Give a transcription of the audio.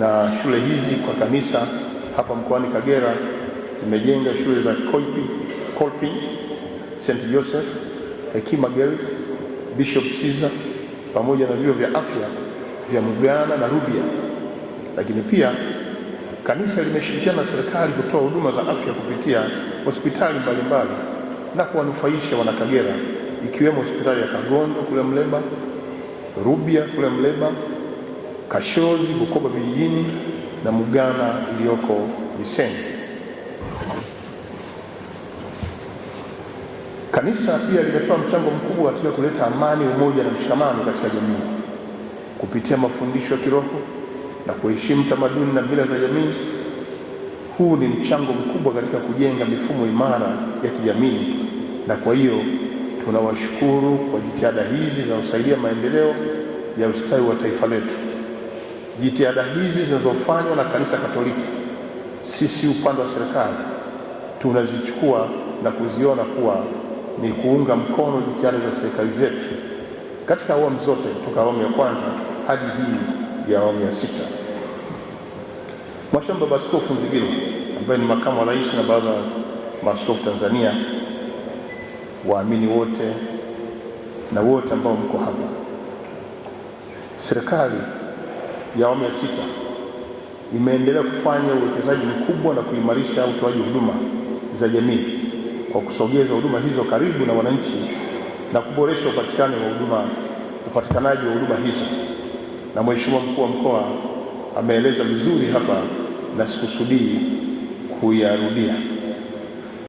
Na shule hizi kwa kanisa hapa mkoani Kagera zimejenga shule za Kolpi, Kolpi St Joseph, Hekima Girls, Bishop Caesar pamoja na vyuo vya afya vya Mugana na Rubia. Lakini pia kanisa limeshirikiana na serikali kutoa huduma za afya kupitia hospitali mbalimbali na kuwanufaisha Wanakagera, ikiwemo hospitali ya Kagondo kule Mleba, Rubia kule Mleba Kashozi, Bukoba vijijini na Mugana iliyoko Missenyi. Kanisa pia limetoa mchango mkubwa katika kuleta amani, umoja na mshikamano katika jamii kupitia mafundisho ya kiroho na kuheshimu tamaduni na mila za jamii. Huu ni mchango mkubwa katika kujenga mifumo imara ya kijamii, na kwa hiyo tunawashukuru kwa jitihada hizi za kusaidia maendeleo ya ustawi wa taifa letu jitihada hizi zinazofanywa na Kanisa Katoliki, sisi upande wa serikali tunazichukua na kuziona kuwa ni kuunga mkono jitihada za serikali zetu katika awamu zote toka awamu ya kwanza hadi hii ya awamu ya sita. Mwashamba Baba Askofu Mzigiro ambaye ni makamu wa rais na baba maaskofu Tanzania, waamini wote na wote ambao mko hapa, serikali ya awamu ya sita imeendelea kufanya uwekezaji mkubwa na kuimarisha utoaji huduma za jamii kwa kusogeza huduma hizo karibu na wananchi na kuboresha upatikanaji wa huduma upatikanaji wa huduma hizo, na Mheshimiwa mkuu wa mkoa ameeleza vizuri hapa na sikusudii kuyarudia.